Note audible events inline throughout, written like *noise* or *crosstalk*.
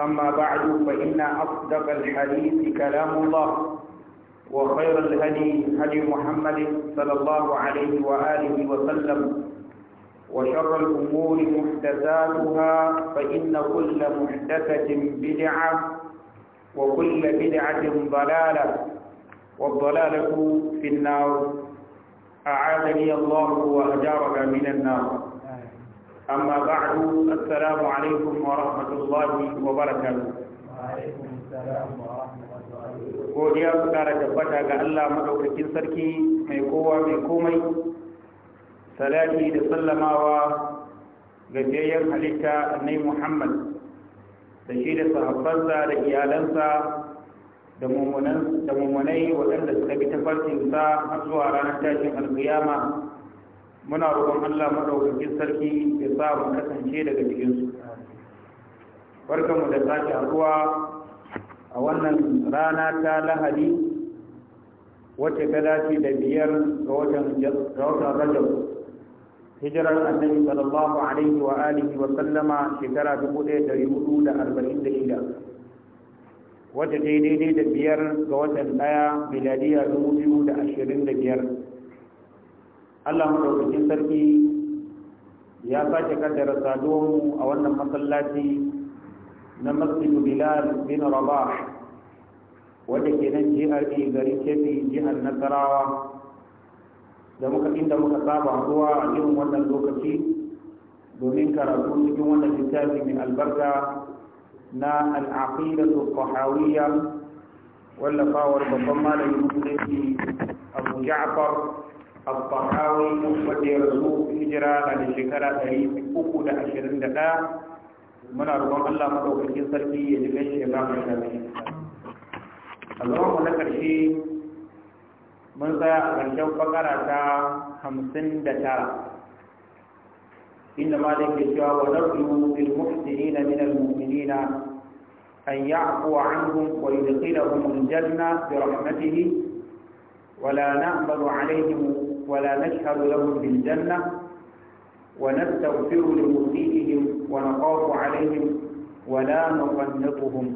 أما بعد فإن أصدق الحديث كلام الله وخير الهدي هدي محمد صلى الله عليه وآله وسلم وشر الأمور محدثاتها فإن كل محدثة بدعة وكل بدعة ضلالة والضلالة في النار أعاذني الله وأجارك من النار أما بعد السلام عليكم ورحمة الله وبركاته godiya su kara tabbata ga Allah madaukakin sarki mai kowa mai komai salati da sallamawa ga jayyar halitta annai Muhammad da shi da sahabbansa da iyalansa da mummunai waɗanda suka bi tafarkinsa har zuwa ranar tashin alkiyama muna roƙon Allah maɗaukakin sarki ya sa mu kasance daga cikin su mu da sake haɗuwa a wannan rana ta lahadi wacce ta dace da biyar ga watan rajab hijirar annabi sallallahu alaihi wa alihi wa sallama shekara dubu ɗaya da hudu da arba'in da shida wacce ta yi daidai da biyar ga watan ɗaya miladiya dubu biyu da ashirin da biyar Allah madaukakin sarki ya sake kaddara saduwanmu a wannan masallaci na masjidu bilal bin rabah wadda ke nan jihar garin kefi jihar nasarawa da muka inda muka saba zuwa a irin wannan lokaci domin karatu cikin wannan littafi mai albarka na da tahawiyya wallafawar babban malamin musulunci abu ja'far الطحاوي مفتي رزوق هجرة على شكرة أليم أكو دا أشرين دا من أربان الله مدوك الجزر كي يجبين شباب الشباب اللهم لك الشيء من ذا رجو بقرة خمسين دا تارا إنما لك الشيء ونرجو للمحسنين من المؤمنين أن يعفو عنهم ويدخلهم الجنة برحمته ولا نعمل عليهم ولا نشهد لهم بالجنة ونستغفر لمسيئهم ونخاف عليهم ولا نقنطهم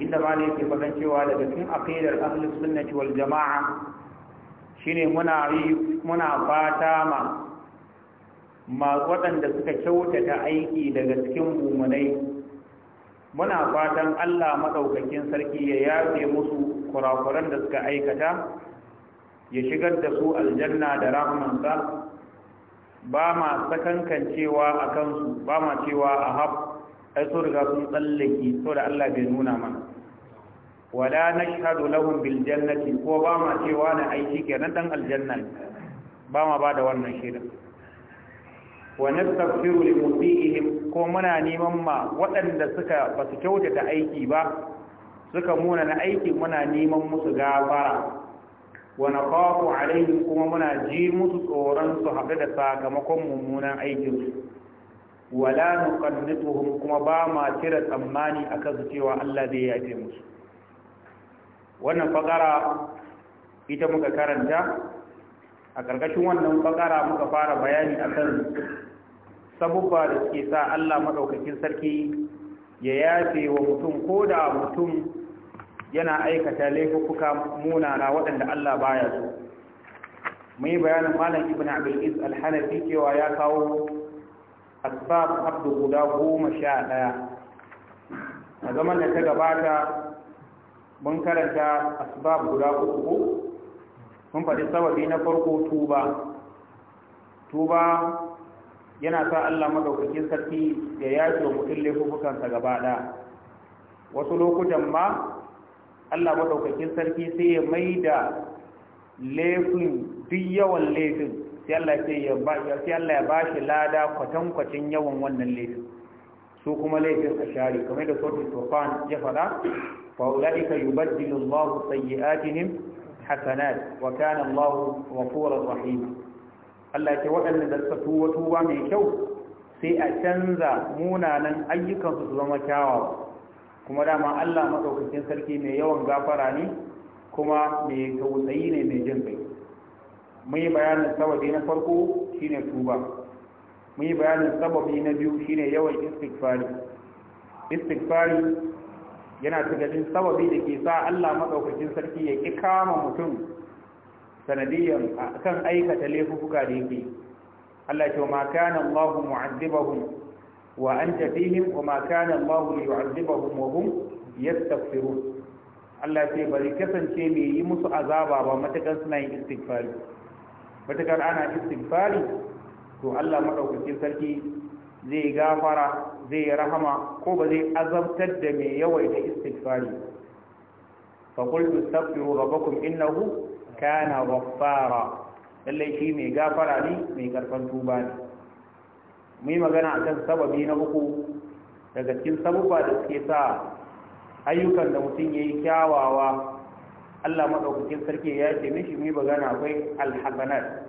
ما عليك فكان شوى لكن أقيل الأهل السنة والجماعة shine muna yi muna fata ma ma waɗanda suka kyautata aiki daga cikin mumunai muna fatan Allah maɗaukakin sarki ya yafe musu kurakuran da suka aikata ya shigar da su aljanna da rahmansa ba ma sakankancewa a kansu ba ma cewa a haf ai so riga sun tsallake so da Allah bai nuna mana wala nashhadu lahum bil jannati ko ba ma cewa na ai shikenan dan aljanna ba ma ba da wannan shaida wa nastaghfiru li musiihim ko muna neman ma waɗanda suka basu kyautata aiki ba suka muna na aiki muna neman musu gafara wa naqafu alaihim kuma muna ji musu tsoron su haɗu da sakamakon mummunan aikin su wala nuqannituhum kuma ba ma cire tsammani akan su cewa Allah zai yafe musu wannan fakara ita muka karanta a ƙarƙashin wannan fakara muka fara bayani akan sabubba da suke sa Allah madaukakin sarki ya yafe wa mutum ko da mutum yana aikata laifuka munana waɗanda Allah baya so mun yi bayanin malam ibn abdul iz al-hanafi cewa ya kawo asbab abdu guda goma sha ɗaya a zaman da ta gabata mun karanta asbab guda uku mun faɗi sababi na farko tuba tuba yana sa Allah madaukakin sarki ya yace wa mutum laifukansa gaba ɗaya wasu lokutan ma Allah maɗaukakin sarki sai ya mai da laifin duk yawan laifin sai Allah ya ba shi lada kwatankwacin yawan wannan laifin su kuma laifin a share kamar da sautin tufan ya faɗa fa'ula'ika yubaddilu Allah sayyi'atihim hasanat wa kana Allah ghafurur rahim Allah ya ce waɗanda da suka tuba tuba mai kyau sai a canza munanan ayyukansu su zama kyawawa kuma dama Allah madaukakin sarki mai yawan gafara ne kuma mai tausayi ne mai jin kai mun yi bayanin sababi na farko shine tuba mun yi bayanin sababi na biyu shine yawan istighfari istighfari yana cikin sababi da ke sa Allah madaukakin sarki ya ƙi kama mutum sanadiyyar kan aikata laifuka da yake Allah ce ma kana Allah mu'azzibahum wa anta fihim wa ma kana Allahu yu'adhibuhum wa hum yastaghfirun Allah ce bari kasance mai yi musu azaba ba matakan suna yin istighfari matakar ana istighfari to Allah madaukakin sarki zai gafara zai rahama ko ba zai azabtar da mai yawaita istighfari fa qultu astaghfiru rabbakum innahu kana ghaffara lallai shi mai gafara ne mai karfan tuba mu yi magana a kan sababi na uku daga cikin sabubba da suke sa ayyukan da mutum ya yi kyawawa allah maɗaukakin sarki ya ce mishi mu yi magana akwai alhassanat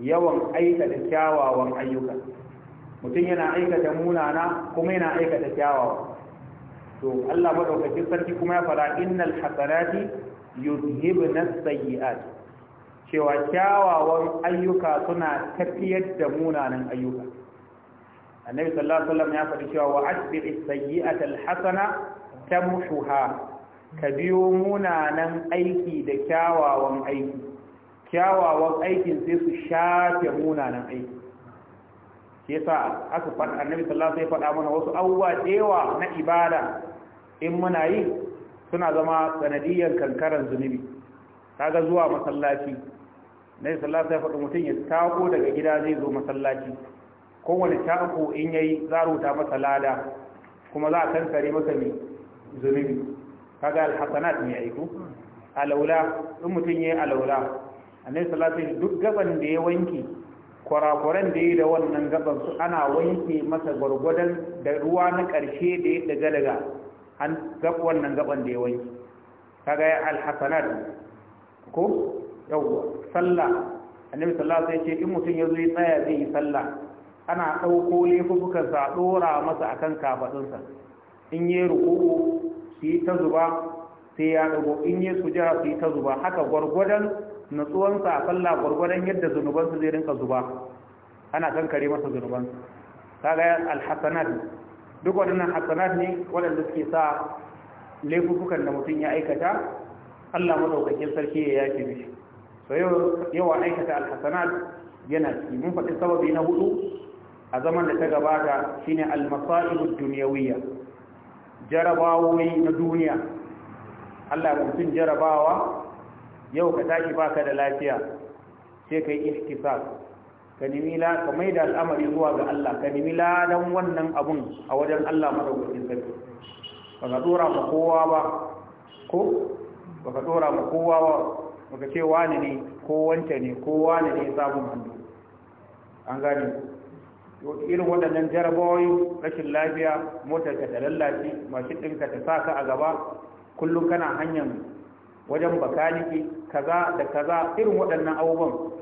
yawan aikata kyawawan ayyuka mutum yana aikata munana kuma yana aikata kyawawa to allah maɗaukakin sarki kuma ya fara innal yuzhibu na sayi'at cewa kyawawan ayyuka suna tafiyar da munanan ayyuka annabi sallallahu alaihi wasallam ya faɗi cewa wa asbi'is sayyi'ata alhasana tamhuha ka biyo munanan aiki da kyawawan aiki kyawawan aikin sai su shafe munanan aiki shi yasa aka faɗa annabi sallallahu alaihi wasallam ya faɗa mana wasu abubuwa dewa na ibada in muna yi suna zama sanadiyyar kankaran zunubi kaga zuwa masallaci nabi sallallahu alaihi wasallam ya faɗi mutum ya tako daga gida zai zo masallaci kowane tako in yayi za a rubuta masa lada kuma za a kankare masa mai zunubi kaga alhasanat ne aiku alaula in mutum yayi alaula annabi sallallahu alaihi duk gaban da ya wanke kwarakwaran da ya da wannan gaban su ana wanke masa gwargwadon da ruwa na ƙarshe da ya daga daga an gab wannan gaban da ya wanke kaga ya alhasanat ko yawwa sallah annabi sallallahu alaihi wasallam ya ce in mutum ya zo ya tsaya zai yi sallah ana ɗauko laifukansa a ɗora masa a kan kafaɗinsa in yi ruku'u su yi ta zuba sai ya ɗago in yi jira su yi ta zuba haka gwargwadon natsuwansa a sallah gwargwadon yadda zunubansa zai rinka zuba ana kan kare masa zunubansa kaga alhassanat duk waɗannan hassanat ne waɗanda suke sa laifukan da mutum ya aikata Allah madaukakin sarki ya yake mishi so yau yawa aikata alhassanat yana ciki mun faɗi sababi na hudu a zaman da ta gabata shine al-masailud dunyawiyya jarabawoyi na duniya Allah mutum jarabawa yau ka tashi baka da lafiya sai kai ihtisab ka nemi ka maida al'amari zuwa ga Allah ka nemi ladan wannan abun a wajen Allah madaukakin sarki ba ka dora ma kowa ba ko ba ka dora ma kowa ba ba ka ce wani ne ko wance ne ko wani ne samun hannu an gane irin waɗannan jarabawoyi rashin lafiya motar ka ta lallace mashin ɗinka ta sa ka a gaba kullum kana hanyar wajen bakaniki kaza da kaza irin waɗannan abubuwan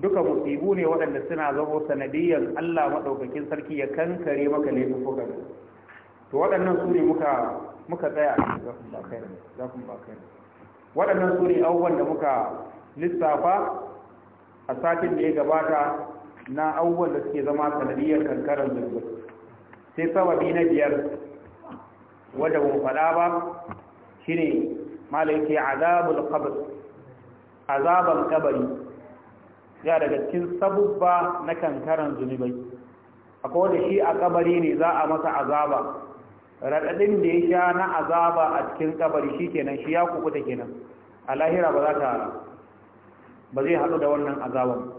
duka musibu ne waɗanda suna zama sanadiyyar Allah maɗaukakin sarki ya kankare maka laifukan to waɗannan su ne muka muka tsaya za ku ba kai waɗannan su ne abubuwan da muka lissafa a satin da ya gabata na abubuwan da suke zama sanadiyar kankarar zunubi sai sababi na biyar wadda ba mu faɗa ba shine malaike azabul qabr azaban kabari ya daga cikin sabubba na kankaran zunubai akwai wanda shi a kabari ne za a masa azaba raɗaɗin da ya sha na azaba a cikin kabari shi kenan shi ya ta kenan a lahira ba za ta ba zai haɗu da wannan azaban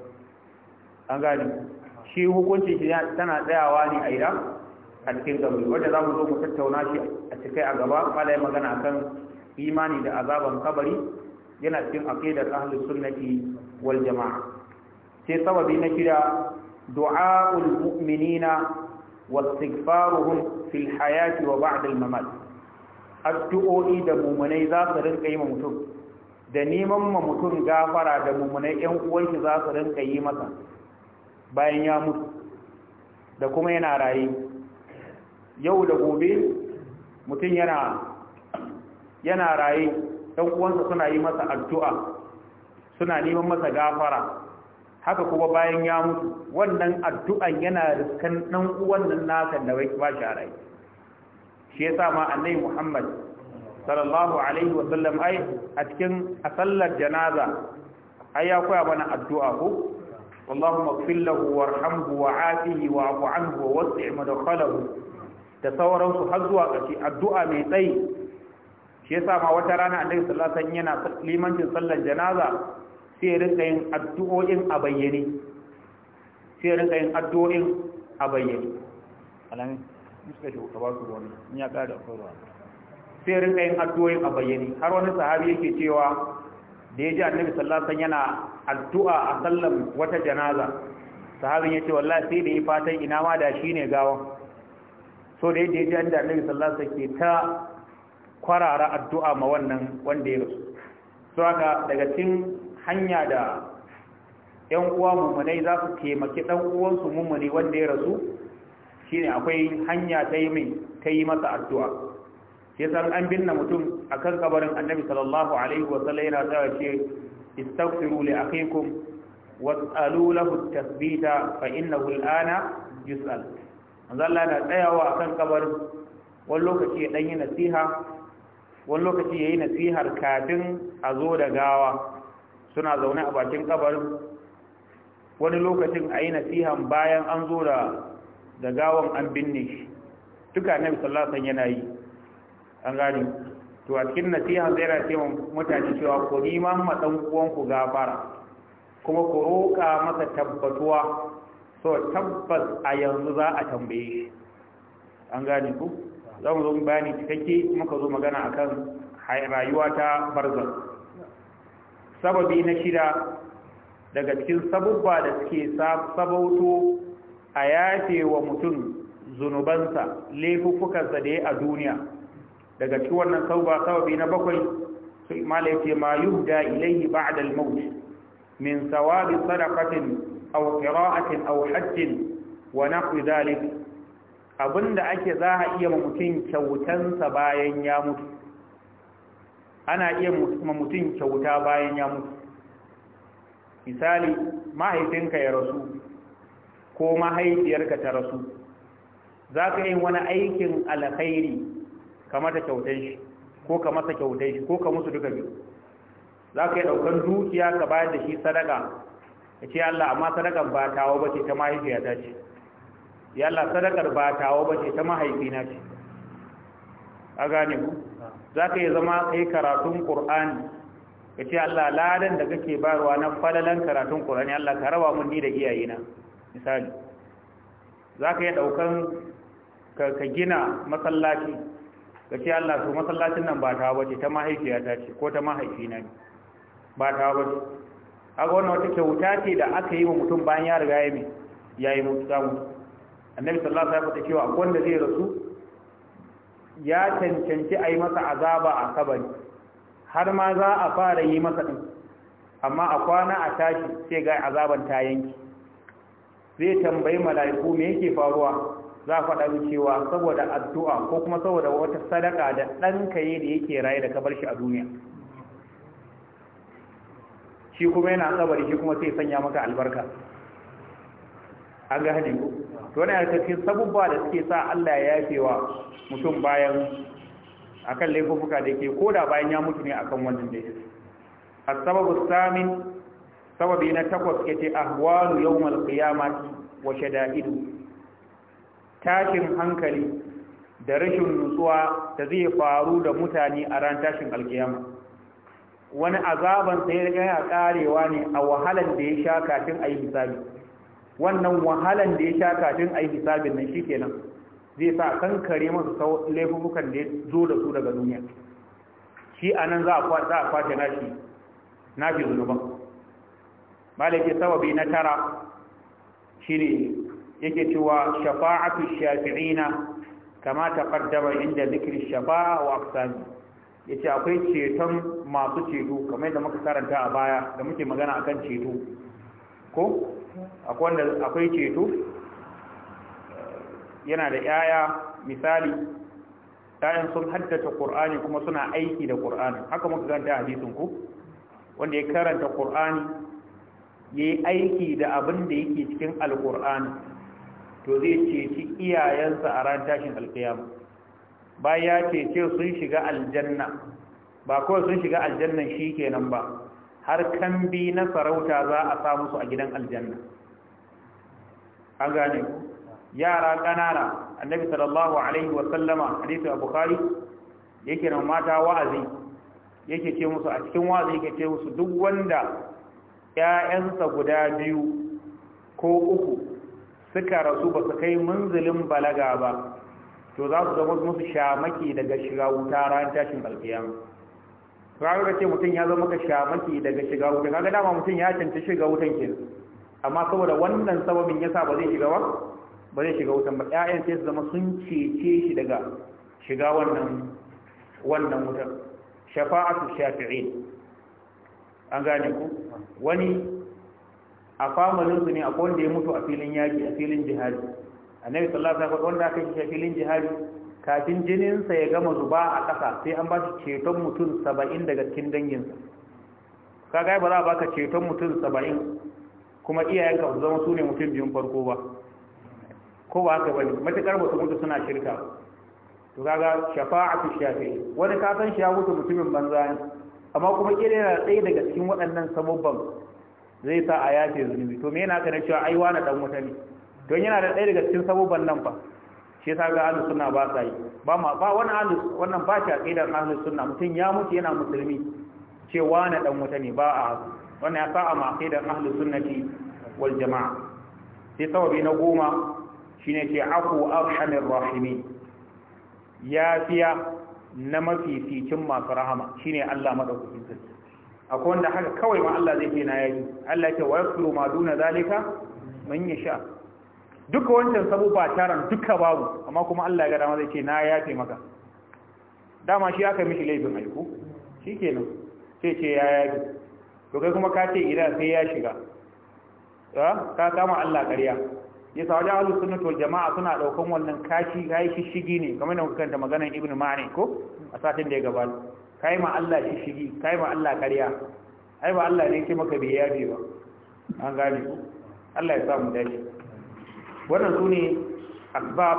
an gani shi hukunci shi tana tsayawa ne a ira a cikin kabari wadda za mu zo mu tattauna shi a cikai a gaba malai magana kan imani da azaban kabari yana cikin aqidar ahlus sunnati wal jamaa sai sababi na kira du'aul mu'minina wastighfaruhum fil hayati wa ba'da al mamat addu'o'i da mummunai za su rinka yi mutum da neman ma mutum gafara da mummunai yan uwanki za su rinka yi masa bayan ya mutu da kuma yana raye yau da gobe mutum yana yana raye ɗan uwansa suna yi masa addu'a suna neman masa gafara haka kuma bayan ya mutu wannan addu'an yana riskan ɗan uwannan nasa da ba shi a raye shi ya sa ma annai muhammad sallallahu alaihi wasallam ai a cikin a sallar janaza ai ya koya mana addu'a ko اللهم اغفر له وارحمه وعافه واعف عنه ووسع da sauransu har zuwa ƙarshe addu'a mai tsayi shi yasa ma wata rana annabi sallallahu alaihi wasallam yana limancin sallar janaza sai ya yin addu'o'in a bayyane sai ya yin addu'o'in a bayyane alamin wani in ya ƙara a bayyane har wani sahabi yake cewa da ya ji annabi sallallahu yana addu'a a sallan wata janaza sahabin yace wallahi sai da ya fatan ina ma da shine gawan so da yadda ya ji annabi sallallahu alaihi wasallam ke ta kwarara addu'a ma wannan wanda ya rasu so haka daga cikin hanya da yan uwa mummunai za su taimaki dan uwansu mummuni wanda ya rasu shine akwai hanya ta yi mai ta yi masa addu'a sai san an binne mutum akan kabarin annabi sallallahu alaihi wa sallam yana tsawa ce istaghfiru li akhikum was'alu lahu tasbita fa innahu al'ana yus'al manzo Allah na tsayawa akan kabarin wani lokaci ya dan yi nasiha wani lokaci yayi nasihar kafin a zo da gawa suna zaune a bakin kabarin wani lokacin a yi nasihan bayan an zo da gawan an binne shi duka annabi sallallahu alaihi wasallam yana yi an gani to a cikin nasiha zai ra wa mutane cewa ku nima ma dan uwan ku gafara kuma ku roƙa masa tabbatuwa so tabbas a yanzu za a tambaye shi an gane ku za mu zo mu bayani cikakke muka zo magana akan rayuwa ta barza sababi na shida daga cikin sabubba da suke sabauto a yafe wa mutum zunubansa laifuffukansa da ya a duniya daga cikin wannan sauba sababi na bakwai sai mala yace ma yuhda ilayhi ba'da al-maut min sawabi sadaqatin aw qira'atin aw hajjin wa nahwi dhalik abinda ake za a iya ma mutum kyautansa bayan ya mutu ana iya ma kyauta bayan ya mutu misali mahaifinka ya rasu ko mahaifiyarka ta rasu za ka yi wani aikin alkhairi ka mata kyautai shi ko ka masa kyautai shi ko ka musu duka biyu za ka yi ɗaukar dukiya ka bayar da shi sadaka ya ce Allah amma sadakan ba ta ba ce ta mahaifiyata ce ya Allah sadakar ba ta ba ce ta mahaifina ce a gane ku za ka yi zama kai karatun ƙur'ani ka ce Allah ladan da kake barwa na falalan karatun Qur'ani Allah ka rawa mun ni da iyayena misali Za ka yi ɗaukar ka, gina masallaci ka ce Allah su masallacin nan ba ta wace ta mahaifiya ta ce ko ta mahaifina ne ba ta wace haka wannan wata kyauta ce da aka yi wa mutum bayan ya riga ya mai ya yi mutu samu annabi sallallahu alaihi wasallam cewa akwai wanda zai rasu ya cancanci a yi masa azaba a kabari har ma za a fara yi masa din amma a kwana a tashi sai ga azaban ta yanki zai tambayi mala'iku me yake faruwa za a faɗa cewa saboda addu'a ko kuma saboda wata sadaka da ɗanka yi da yake raye da kabar shi a duniya shi kuma yana kabari shi kuma sai sanya maka albarka an ga hajji ko to wani a cikin sabubba da suke sa Allah ya yafe wa mutum bayan akan laifuka da ke koda bayan ya mutu ne akan wannan ya as-sababu samin sababi na takwas yace ahwalu yawmal qiyamati wa shada'idu tashin hankali da rashin nutsuwa da zai faru da mutane a ran tashin alkiyama wani azaban sai yana karewa ne a wahalan da ya sha kafin a yi hisabi wannan wahalan da ya sha kafin a yi hisabin nan shikenan zai sa kankare masu laifukan da ya zo da su daga duniya shi a nan za a kwace nashi nafi zunuban malaki sababi na tara shi ne yake cewa shafa'atu shafi'ina kama taqaddama inda zikri shafa'a wa aqsami yace akwai ceton masu ceto kamar yadda muka karanta a baya da muke magana akan ceto ko akwai wanda akwai ceto yana da yaya misali yayan sun haddata qur'ani kuma suna aiki da qur'ani haka muka ganta hadisin ku wanda ya karanta qur'ani yayi aiki da abin da yake cikin alqur'ani to zai ceci iyayensa a ran tashin alkiyama bayan ya cece sun shiga aljanna ba kawai sun shiga aljannan shi kenan ba har kambi na sarauta za a sa musu a gidan aljanna an gane ku yara ƙanana annabi sallallahu alaihi wa sallama hadisi a bukhari yake nan mata wa'azi yake ce musu a cikin wa'azi yake ce musu duk wanda ƴaƴansa guda biyu ko uku suka rasu ba su kai munzulin balaga ba to za su zama musu shamaki daga shiga wuta ran tashin alkiyama ga da ce mutum ya zama ka shamaki daga shiga wuta kaga dama mutum ya canci shiga wutan ke amma saboda wannan sababin yasa ba zai shiga ba ba zai shiga wutan ba ƴaƴan sai su zama sun cece shi daga shiga wannan wannan wutan shafa'atu shafi'in an gane ku wani a su ne akwai wanda ya mutu a filin yaƙi a filin jihadi annabi sallallahu alaihi wasallam wanda aka shi a filin jihadi kafin jininsa ya gama zuba a ƙasa sai an ba shi ceton mutum saba'in daga cikin danginsa kaga ba za a baka ceton mutum saba'in kuma iyayenka su zama su ne mutum biyun farko ba ko ba haka bane matuƙar ba su mutu suna shirka to kaga shafa'atu shafi'i wani ka san shi ya mutu mutumin banza ne amma kuma kire yana ɗaya daga cikin waɗannan sababban zai sa a yace zunubi to me yana kana cewa ai wani dan wuta ne don yana da ɗaya daga cikin sabuban nan fa shi yasa ga ahlus sunna ba sa yi ba ma ba wani ahlus wannan ba ta aqidar ahlus sunna mutum ya mutu yana musulmi ce wani dan wuta ne ba a wannan ya a ma aqidar ahlus sunnati wal jamaa sai sababi na goma shine ce aku arhamir rahimi yafiya na mafificin masu rahama shine Allah madaukakin sarki akwai wanda haka kawai ma Allah zai kena yayi Allah yake ce wa yasru ma duna zalika man yasha duka wancan sabu ba taran duka babu amma kuma Allah ya ga dama zai ce na yafe maka dama shi aka mishi laifin aiko shikenan sai ce ya yafe to kai kuma ka ce idan sai ya shiga ka kama Allah ƙarya ya sa wajen ahlus sunnah wal jama'a suna daukan wannan kashi gayi shigi ne kamar da kuka kanta maganar ibnu ma'ani ko a satin da ya gabata kai ma Allah shi shigi kai ma Allah kariya ai ba Allah ne ke maka biya yabe ba an gane ku Allah ya sa mu dace wannan sune asbab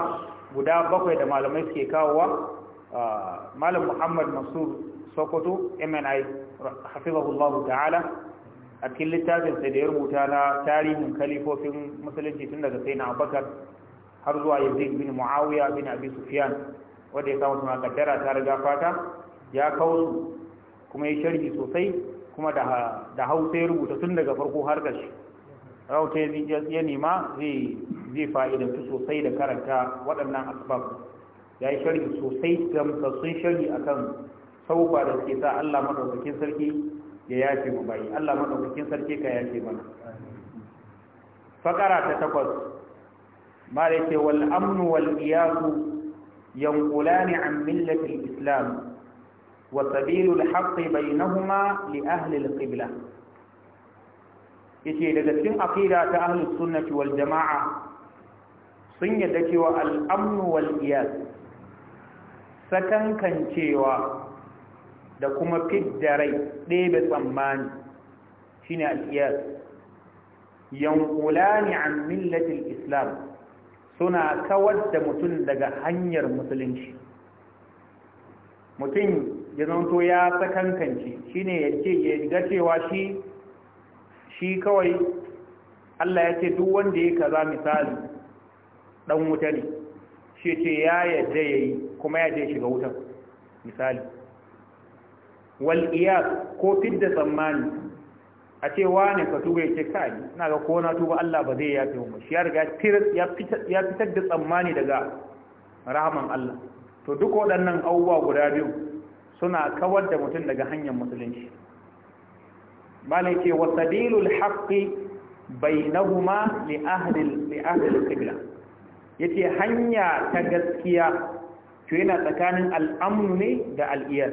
guda bakwai da malamai suke kawowa ah, malam Muhammad Mansur Sokoto MNI Allah ta'ala a cikin littafin sai da ya rubuta na tarihin kalifofin musulunci tun daga sai na abakar har zuwa yanzu bin muawiya bin abi sufyan wanda ya samu suna kaddara ta riga fata ya kawo kuma ya sharhi sosai kuma da hausa ya rubuta tun daga farko har ƙarshe rauta ya nema zai fa'idantu sosai da karanta waɗannan asbab ya yi sharhi sosai gamsassun sharhi akan sauba da suke sa Allah maɗaukakin sarki ya yafe mu bayi Allah maɗaukakin sarki ka yafe mana fakara ta takwas ma da ke wal amnu wal iyasu yankulani an millatin islam وسبيل الحق بينهما لأهل القبلة yace daga cikin aqida ta ahlus sunnati wal jamaa sun yadda cewa al-amn wal iyas sakankan cewa da kuma fiddarai ɗebe tsammani shine al-iyas yanqulani an millati al-islam suna kawar da mutum daga hanyar musulunci mutum ya zanto ya shi ne ya ce ya ga cewa shi shi kawai Allah ya ce duk wanda ya kaza misali dan wuta ne shi ce ya yadda ya yi kuma ya je shiga wutan misali wal iyas ko fidda tsammani a ce wane ka tuba ya ce kai ina ga ko na tuba Allah ba zai yafe mu shi ya riga ya fitar da tsammani daga rahaman Allah to duk waɗannan abubuwa guda biyu suna kawar da mutum daga hanyar musulunci malai ce wa sabilul haqqi bai li ahli li ahalin al Ya ce hanya ta gaskiya to yana tsakanin al'amnu ne da al'iyar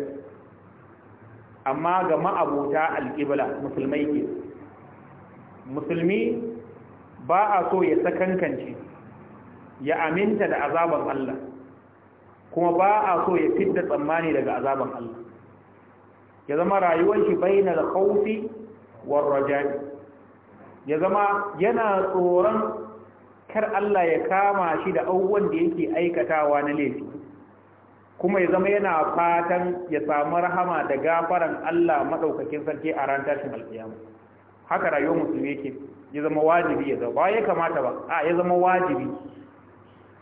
amma ga ma'abota al'ibla musulmai ke musulmi ba a so ya sakankance ya aminta da azabar Allah kuma ba a so ya fidda tsammani daga azaban Allah ya zama rayuwar shi baina da khawfi war raja'i ya zama yana tsoron kar Allah ya kama shi da auwan da yake aikatawa na laifi kuma ya zama yana fatan ya samu rahama da gafaran Allah madaukakin sarki a ran tashin alkiyama haka rayuwar musulmi yake ya zama wajibi ya zama ba ya kamata ba a ya zama wajibi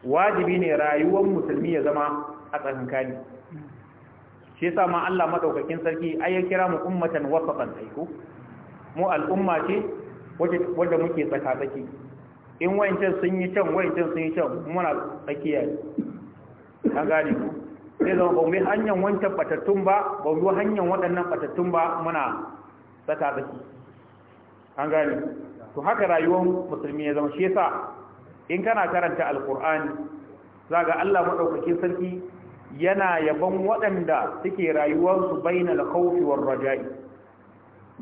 wajibi ne rayuwar musulmi ya zama a tsakankani shi yasa ma Allah madaukakin sarki ai ya kira mu ummatan wasatan aiko mu al'umma ce wanda muke tsaka tsaki in wayancin sun yi can wayancin sun yi can muna tsakiya ka gane ku sai zama ba mu hanyar wancan batattun ba ba mu hanyar waɗannan batattun ba muna tsaka tsaki an gane to haka rayuwar musulmi ya zama shi yasa in kana karanta alkur'ani za ga allah maɗaukakin sarki yana yabon waɗanda suke rayuwarsu bainal khawfi raja'i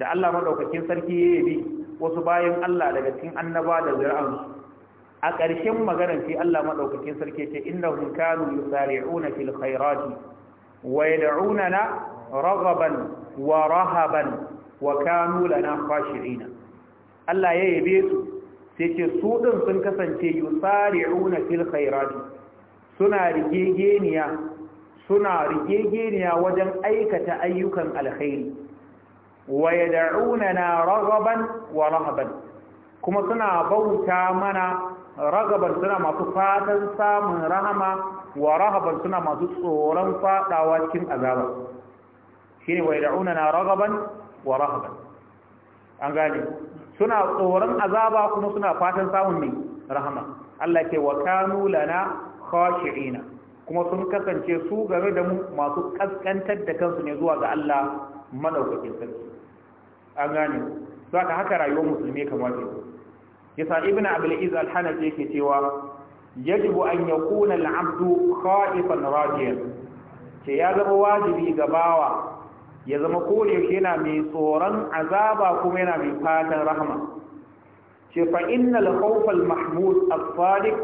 da allah maɗaukakin sarki ya yabi wasu bayan allah daga cikin annaba da zuri'ansu a ƙarshen maganar fi Allah maɗaukakin sarki ce inda hunkanu yusari'una fil khairati wa yad'una na raghaban wa rahaban wa kanu lana Allah ya yabe su sai ce su ɗin sun kasance yusari'una fil khairati suna rigegeniya suna rigegeniya wajen aikata ayyukan alkhairi wa yad'unana raghaban wa rahaban kuma suna bauta mana ragaban suna masu fatan samun rahama wa rahaban suna masu tsoron fadawa cikin azaba shine wa yad'unana ragaban wa rahaban an gane suna tsoron azaba kuma suna fatan samun mai rahama Allah ke wa kanu lana khashi'ina kuma sun kasance su gare da mu masu kaskantar da kansu ne zuwa ga Allah madaukakin sarki an gane saka haka rayuwar musulmi kamar yau yasa ibn abul iz al-hanafi yake cewa yajibu an yakuna al-abdu khaifan rajiyan ce ya zama wajibi ga bawa ya zama koyaushe yana mai tsoron azaba kuma yana mai fatan rahama ce fa innal mahmud as-sadiq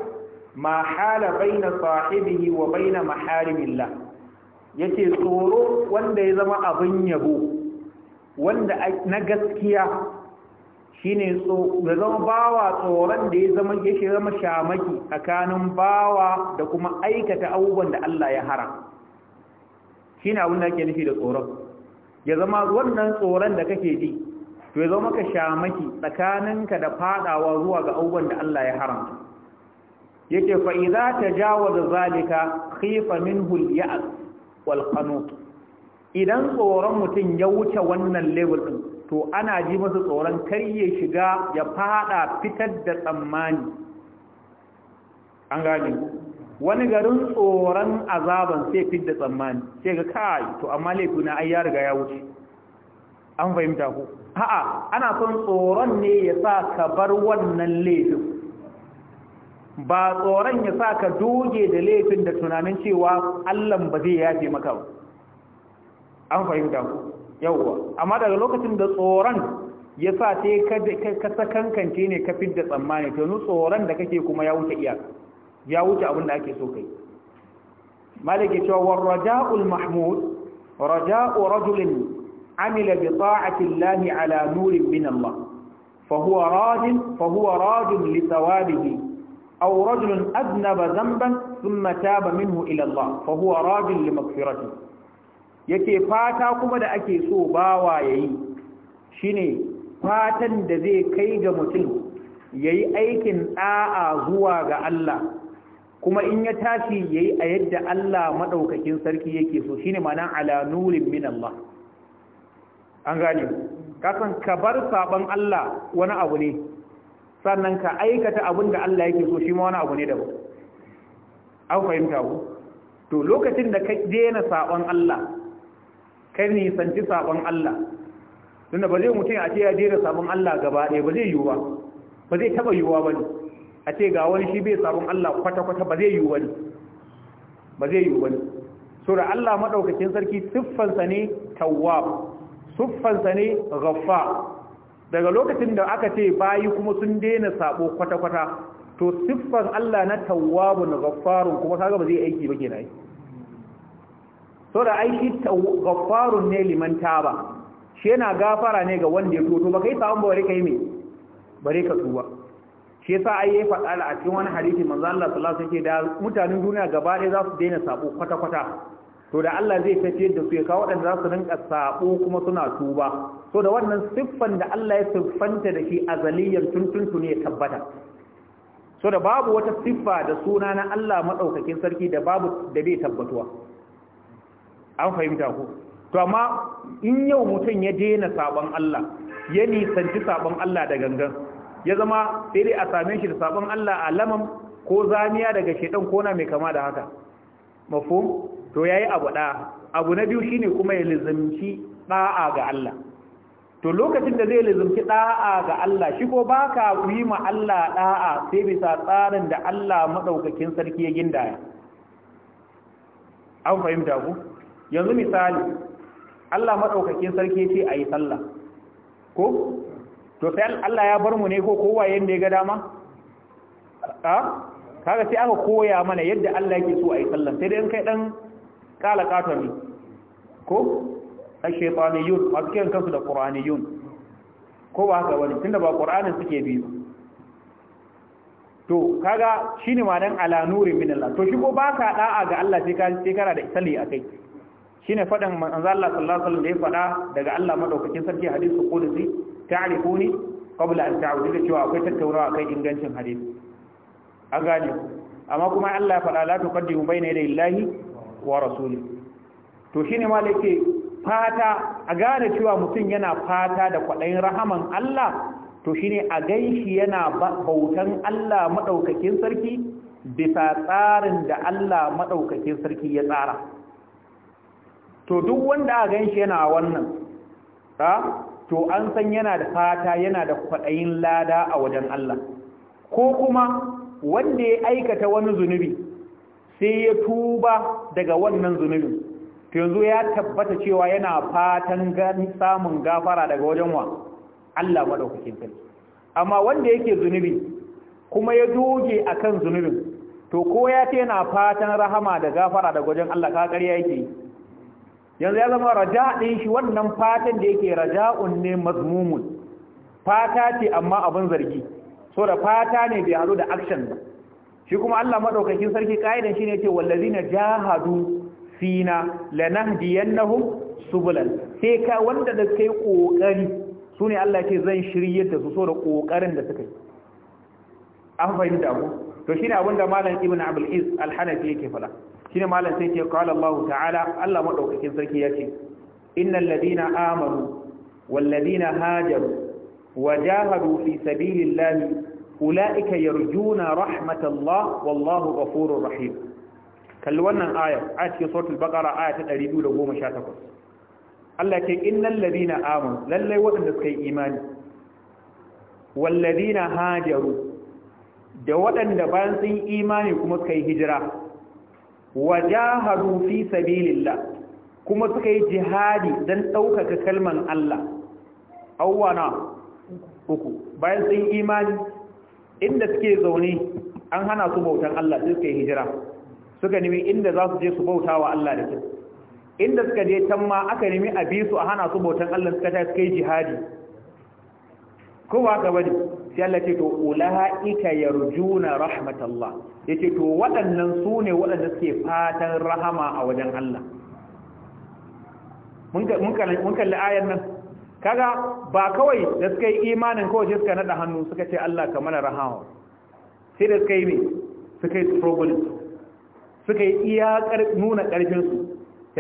ma hala baina sahibihi wa baina maharimillah yace tsoro wanda ya zama abin yabo wanda na gaskiya shine so ya zama bawa tsoron da ya zama yake zama shamaki tsakanin bawa da kuma aikata abubuwan da Allah ya hara shine abin da ake nufi da tsoron ya zama wannan tsoron da kake ji to ya zama ka shamaki tsakaninka da fadawa zuwa ga abubuwan da Allah ya haramta yake fa idza tajawaza zalika khifa minhu al yaz wal qanut idan tsoron mutum ya wuce wannan level din to ana ji masa tsoron kar ya shiga ya fada fitar da tsammani an gane wani garin tsoron azaban sai da tsammani sai ga kai to amma na ai ya riga ya wuce an fahimta ku a'a ana son tsoron ne ya sa ka bar wannan laifin ba tsoron ya sa ka doge da laifin da tunanin cewa Allah ba zai yafe maka ba an fahimta ku yawwa amma daga lokacin da tsoron ya sa sai ka sakankance ne ka fi da tsammani to tsoron da kake kuma ya wuce iyaka ya wuce abin da ake so kai maliki cewa war raja'ul mahmud raja'u rajulin amila bi ta'ati llahi ala nurin min Allah fa huwa radin fa huwa radin li thawabihi aw rajulun adnaba dhanban thumma taba minhu ila Allah fa huwa rajin li maghfirati yake fata kuma da ake so bawa yayi shine fatan da zai kai ga mutum yayi aikin da'a zuwa ga Allah kuma in ya tashi yi a yadda Allah maɗaukakin sarki yake so shine ma'ana ala nurin min Allah an gane kakan ka bar saban Allah wani abu ne sannan ka aikata abin da Allah yake so shi ma wani abu ne daban an fahimta ku to lokacin da ka daina saban Allah ka nisanci saban Allah tunda ba zai mutum a ce ya daina saban Allah gaba ɗaya ba zai yiwuwa ba zai taɓa yiwuwa ba ne a ce ga wani shi bai sabon Allah kwata-kwata ba zai yi wani ba zai yi wani sura Allah madaukakin sarki siffansa ne tawwab siffansa ne ghaffa daga lokacin da aka ce bayi kuma sun daina sabo kwata-kwata to siffan Allah na tawwabun ghaffarun kuma kaga ba zai aiki ba kenan so da aiki gaffarun ne liman taba shi yana gafara ne ga wanda ya toto ba kai sabon ba bare kai me bare ka tuba shi yasa ai yayi faɗa a cikin wani hadisi manzo Allah sallallahu alaihi wasallam da mutanen duniya gaba ɗaya za su daina sabo kwata kwata to da Allah zai tafiyar da su ya kawo waɗanda za su rinka sabo kuma suna tuba to da wannan siffan da Allah ya siffanta da shi azaliyar tuntuntu ne ya tabbata To da babu wata siffa da suna na Allah madaukakin sarki da babu da bai tabbatuwa an fahimta ku to amma in yau mutum ya daina sabon Allah ya nisanci sabon Allah da gangan ya zama sai dai a same shi da sabon Allah a lamam ko zamiya daga shedan ko na mai kama da haka mafhum to yayi abu da abu na biyu shine kuma ya lizumci da'a ga Allah to lokacin da zai lizumci da'a ga Allah shi ko baka yi ma Allah da'a sai bisa tsarin da Allah madaukakin sarki ya gindaya an fahimta ku yanzu misali Allah madaukakin sarki ya ce ayi sallah ko to sai Allah ya bar mu ne ko kowa yanda ya ga dama a kaga sai aka koya mana yadda Allah yake so a yi sallan sai dai in kai dan kala kato ne ko ash-shaytaniyun masu kiran kansu da qur'aniyun ko ba haka bane tunda ba qur'anin suke bi to kaga shine malan ala nurin min Allah to shi ko baka da'a ga Allah sai ka sai kana da isali akai shine fadan manzo Allah sallallahu alaihi wasallam da ya fada daga Allah madaukakin sarki hadisi qudsi ta'rifuni qabla an ta'udu da cewa akwai tattaunawa kai ingancin hadisi an gane amma kuma Allah ya faɗa la tuqaddimu bayna yaday illahi wa rasuli to shine ma fata a gane cewa mutum yana fata da kwaɗayin rahaman Allah to shine a gaishi yana bautan Allah madaukakin sarki bisa tsarin da Allah madaukakin sarki ya tsara to duk wanda a ganshi yana wannan ta to an san yana da fata yana da kwaɗayin lada a wajen Allah ko kuma wanda ya aikata wani zunubi sai ya tuba daga wannan zunubi to yanzu ya tabbata cewa yana fatan samun gafara daga wajen wa Allah madaukakin sarki amma wanda yake zunubi kuma ya doge akan zunubin to ko ya ce yana fatan rahama da gafara daga wajen Allah ka ƙarya yake yi yanzu ya zama raja ɗin shi wannan fatan da yake raja'un ne mazmumun fata ce amma abin zargi so da fata ne bai haɗu da action ba shi kuma Allah madaukakin sarki ka'idan shi ne ce na jahadu fina lanahdiyannahum subulan sai ka wanda da kai kokari sune Allah ce zan shiryar da su so da kokarin da suka yi an fahimta ku to shine abinda malam ibnu abul is al-hanafi yake fada shine malam sai ke qala Allah ta'ala Allah madaukakin sarki yace innal ladina amanu wal ladina hajaru wajahadu fi sabilillahi ulaika yarjuna rahmatallah wallahu ghafurur rahim kalli wannan ayar a cikin suratul baqara aya ta 218 Allah ce innal ladina amanu lallai waɗanda suka yi imani wal ladina hajaru da waɗanda bayan sun imani kuma suka yi hijira wajahadu fi sabilillah kuma suka yi jihadi dan ɗaukaka kalman Allah awwana uku bayan sun imani inda suke zaune an hana su bautan Allah sai suka yi hijira suka nemi inda za su je su bauta wa Allah da kyau inda suka je can ma aka nemi a bi su a hana su bautan Allah suka ta suka yi jihadi ko ba ka sai Allah ce to ulaika yarjuna rahmatallah yace to waɗannan su ne waɗanda suke fatan rahama a wajen Allah mun kalli ayar nan kaga ba kawai da suka yi imanin kawai sai suka nada hannu suka ce Allah ka mana rahama sai da suka yi ne suka yi struggle suka yi iya nuna karfin su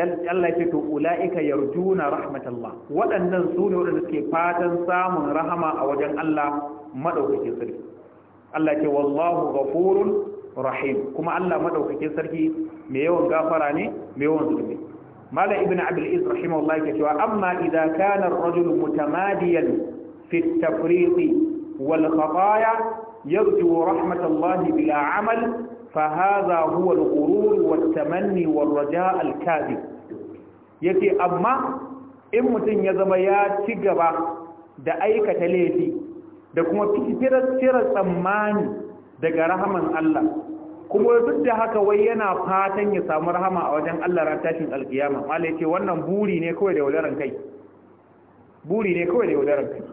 Allah ya ce to ulaika yarjuna rahmatullah waɗannan su ne waɗanda suke fatan samun rahama a wajen Allah madaukakin sarki Allah ce wallahu ghafurun rahim kuma Allah madaukakin sarki mai yawan gafara ne mai yawan zulmi mala ibnu abdul is rahimahullah ke cewa amma idza kana ar-rajulu mutamadiyan fi at-tafriq wal khataaya yarju rahmatallahi bila amal فهذا هو الغرور والتمني والرجاء الكاذب yake amma in mutum ya zama ya ci gaba da aikata laifi da kuma fira tsammani daga rahaman Allah kuma duk da haka wai yana fatan ya samu rahama a wajen Allah ran tashin alkiyama mala yace wannan buri ne kawai da wadaran kai buri ne kawai da wadaran kai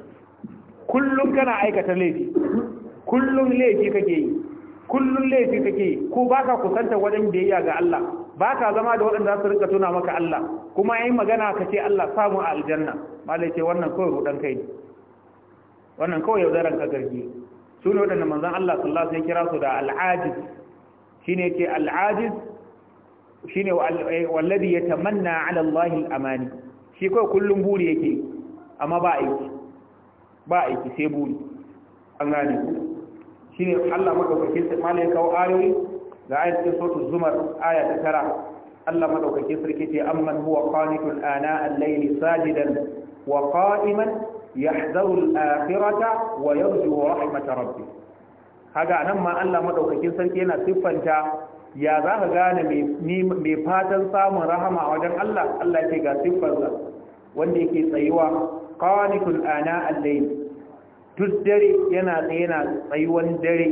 kullum kana aikata laifi kullum laifi kake yi kullum laifi kake yi ko baka kusanta wajen biyayya ga Allah baka zama da waɗanda su rika tuna maka Allah kuma yayin magana kace Allah samu a aljanna mala yace wannan kawai rudan kai ne wannan kawai yaudaran ka gargi su ne waɗanda manzan Allah sallallahu alaihi kira su da al'ajiz shine yake al'ajiz shine eh, wallazi yatamanna ala Allah al shi kawai kullum buri yake amma ba aiki ba aiki sai buri an gane ne Allah madaukakin sarki malai kawo ayoyi ga ayatin suratul zumar aya ta tara. Allah madaukakin sarki ce amman huwa qanitun ana al-layli sajidan وقائما يحذر الآخرة ويرجو رحمة ربه haka nan ma Allah madaukakin sarki yana siffanta ya za ka gane mai fatan samun rahama a wajen Allah Allah ke ga siffarsa wanda yake tsayuwa qanitul ana allai. duk dare yana yana tsayuwan dare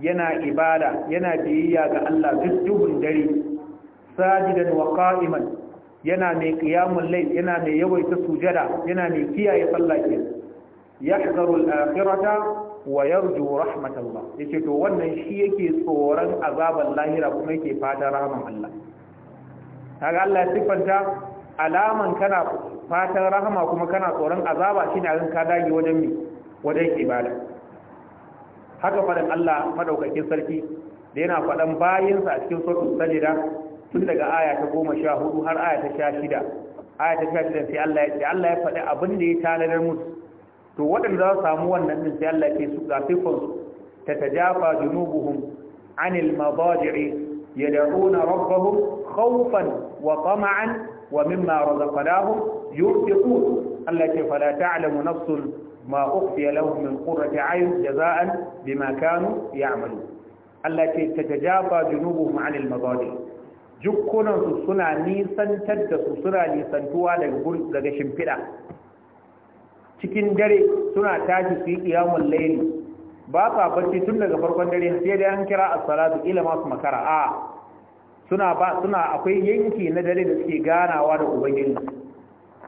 yana ibada yana biyayya ga Allah duk dubun dare sajidan wa qa'iman yana mai qiyamul layl yana mai yawaita sujada yana mai kiyaye sallah ke yahzaru al-akhirata wa yarju rahmatallah yace to wannan shi yake tsoron azaban lahira kuma yake fata rahman Allah kaga Allah ya sifanta alaman kana fatan rahama kuma kana tsoron azaba shine a ka dage wajen mi wajen ibada haka faɗin Allah madaukakin sarki da yana faɗan bayinsa a cikin sautin sajida tun daga aya ta goma sha hudu har aya ta sha shida aya ta sha shida sai Allah ya ce Allah ya faɗi abin da ya tanadar musu to waɗanda za su samu wannan din sai Allah ya ce su ga sifansu ta tajafa junubuhum anil madaji'i yad'una rabbahum khawfan wa tama'an wa mimma razaqnahum yunfiqun Allah ya ce fala ta'lamu nafsun ma ukhfiya lahum min qurrati a'yun jaza'an bima kanu ya'malun Allah ya ce ta tajafa junubuhum anil madaji'i jukkunansu suna nisantar da su suna nisantuwa daga shimfiɗa cikin dare suna tashi su yi ƙiyamun laili ba sa barci tun daga farkon dare sai da an kira as-salatu ila masu makara a suna ba suna akwai yanki na dare da suke ganawa da ubangiji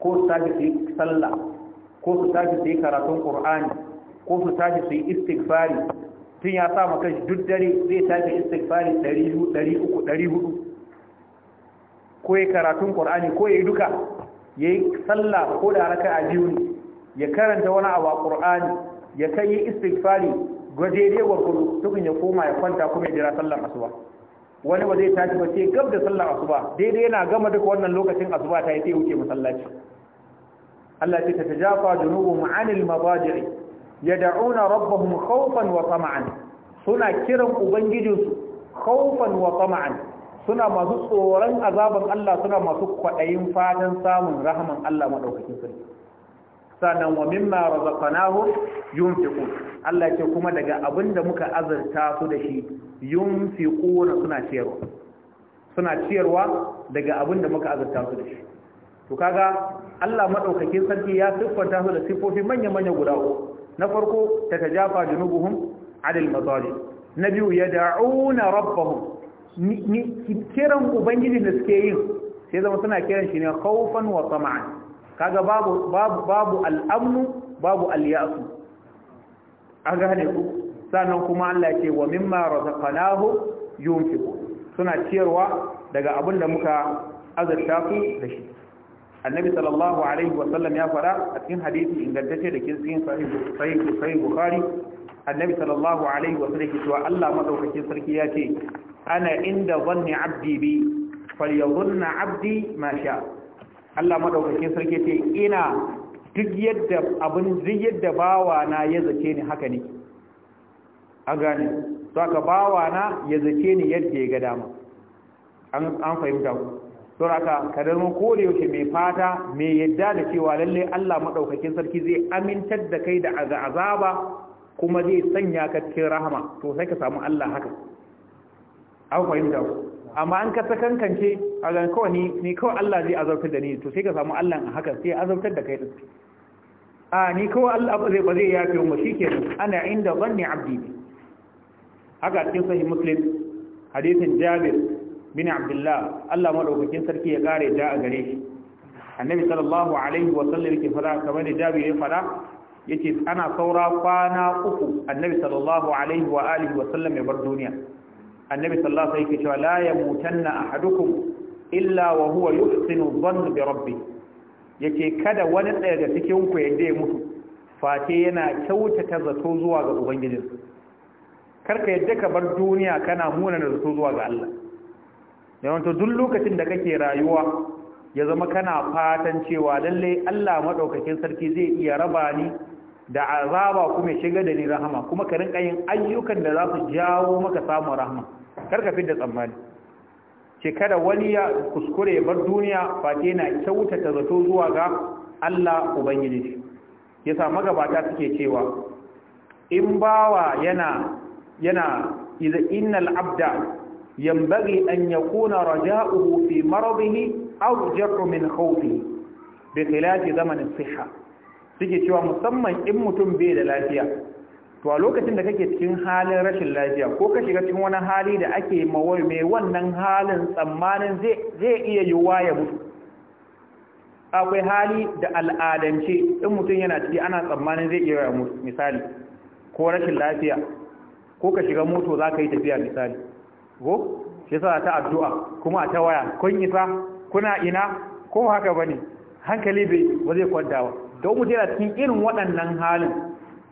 ko su tashi su yi sallah ko su tashi su yi karatun qur'ani ko su tashi su yi istighfari tun ya sa maka duk dare zai tashi istighfari 300 400 ko ya karatun ƙur'ani ko ya yi duka ya yi sallah ko da raka a biyu ne ya karanta wani abu a ƙur'ani ya kai yi istighfari gajere gwargwaro tukun ya koma ya kwanta kuma ya jira sallar asuba wani ba zai tashi ba sai gab da sallar asuba daidai yana gama duka wannan lokacin asuba ta yi sai wuce masallaci Allah ya ta tajafa junubuhum anil Ya yad'una rabbahum khawfan wa tama'an suna kiran ubangijinsu khawfan wa tama'an suna masu tsoron azaban Allah suna masu kwaɗayin fatan samun rahaman Allah maɗaukakin sarki sannan wa mimma razaqnahu yunfiqun Allah ce kuma daga abinda muka azurta su da shi yunfiquna suna ciyarwa suna ciyarwa daga abinda muka azurta su da shi to kaga Allah maɗaukakin sarki ya siffanta su da sifofi manya-manya guda uku na farko tatajafa junubuhum adil mazaji na biyu yad'una rabbahum kiran ubangiji da suke yin sai zama suna kiran shi ne khawfan wa tama'an kaga babu al'amnu babu al-ya'su gane ku sannan kuma Allah ce wa mimma razaqnahu yunfiqu suna ciyarwa daga abin da muka azurta su da shi annabi sallallahu alaihi ya fara a cikin hadisi ingantacce da cikin sahih sahih sahih bukhari annabi sallallahu alaihi wa sallam cewa Allah madaukake sarki ya ce ana inda zanni abdi bi falyadhunna abdi ma sha Allah madaukake sarki ce ina duk yadda abin duk yadda bawa na ya zace ni haka ne a gane to aka bawa na ya zace ni yadda ya ga dama an an fahimta ku to aka kada mu kore yaushe mai fata mai yadda da cewa lalle Allah madaukakin sarki zai amintar da kai da azaba kuma zai sanya ka cikin rahama to sai ka samu Allah haka an fahimta ku amma an kasa kankance a ga kawai ni ni kawai Allah zai azabtar da ni to sai ka samu Allah a haka sai azabtar da kai din a ni kawai Allah ba zai ba zai yafe mu shikenan ana inda banni abdi haka cikin sahih muslim hadisin jabir bin abdullah Allah madaukakin sarki ya kare da a gare shi annabi sallallahu alaihi wa sallam ke fara kamar da jabir ya fara yace ana saura kwana uku annabi sallallahu alaihi wa alihi wa sallam ya bar duniya annabi sallallahu alaihi yake cewa la yamutanna ahadukum illa wa huwa yuhsinu dhanna bi rabbi yace kada wani ɗaya daga cikin ku yadda ya mutu fate yana kyautata zato zuwa ga Kar ka yadda ka bar duniya kana muna da zato zuwa ga Allah yawanto duk lokacin da kake rayuwa ya zama kana fatan cewa lalle Allah madaukakin sarki zai iya raba ni da azaba kuma ya shiga da ni rahama kuma ka rinka yin ayyukan da za su jawo maka samun rahama kar ka da tsammani ce kada wani ya kuskure bar duniya fate na kyautata zato zuwa ga Allah ubangiji Ya yasa magabata suke cewa in bawa yana yana idza innal abda yanbaghi an yakuna raja'uhu fi maradihi arja'u min khawfihi bi khilafi zamanin sihha suke cewa musamman in mutum bai da lafiya to a lokacin da kake cikin halin rashin lafiya ko ka shiga cikin wani hali da ake mawai mai wannan halin tsammanin zai iya yiwuwa ya mutu akwai hali da al'adance in mutum yana ciki ana tsammanin zai iya mutu misali ko rashin lafiya ko ka shiga moto za ka yi tafiya misali ko shi sa ta addu'a kuma a ta waya kun isa kuna ina ko haka bane hankali bai ba zai kwanta ba to mutum yana cikin irin waɗannan halin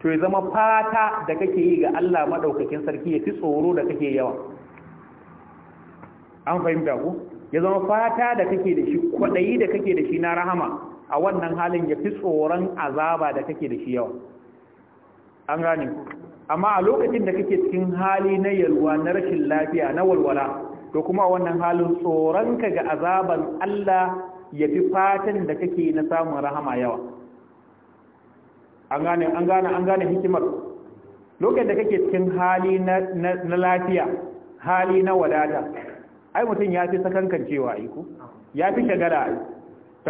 to ya zama fata da kake yi ga Allah madaukakin sarki ya fi tsoro da kake yawa an fahimta ku ya zama fata da kake da shi kwaɗayi da kake da shi na rahama a wannan halin ya fi tsoron azaba da kake da shi yawa an gane ku amma a lokacin da kake cikin hali na yalwa na rashin lafiya na walwala to kuma wannan halin tsoronka ga azaban Allah ya fi fatan da kake na samun rahama yawa an gane an gane hikimar lokacin da kake cikin hali na lafiya hali na wadata ai mutum ya fi sakankancewa aiko ya fi shagara ai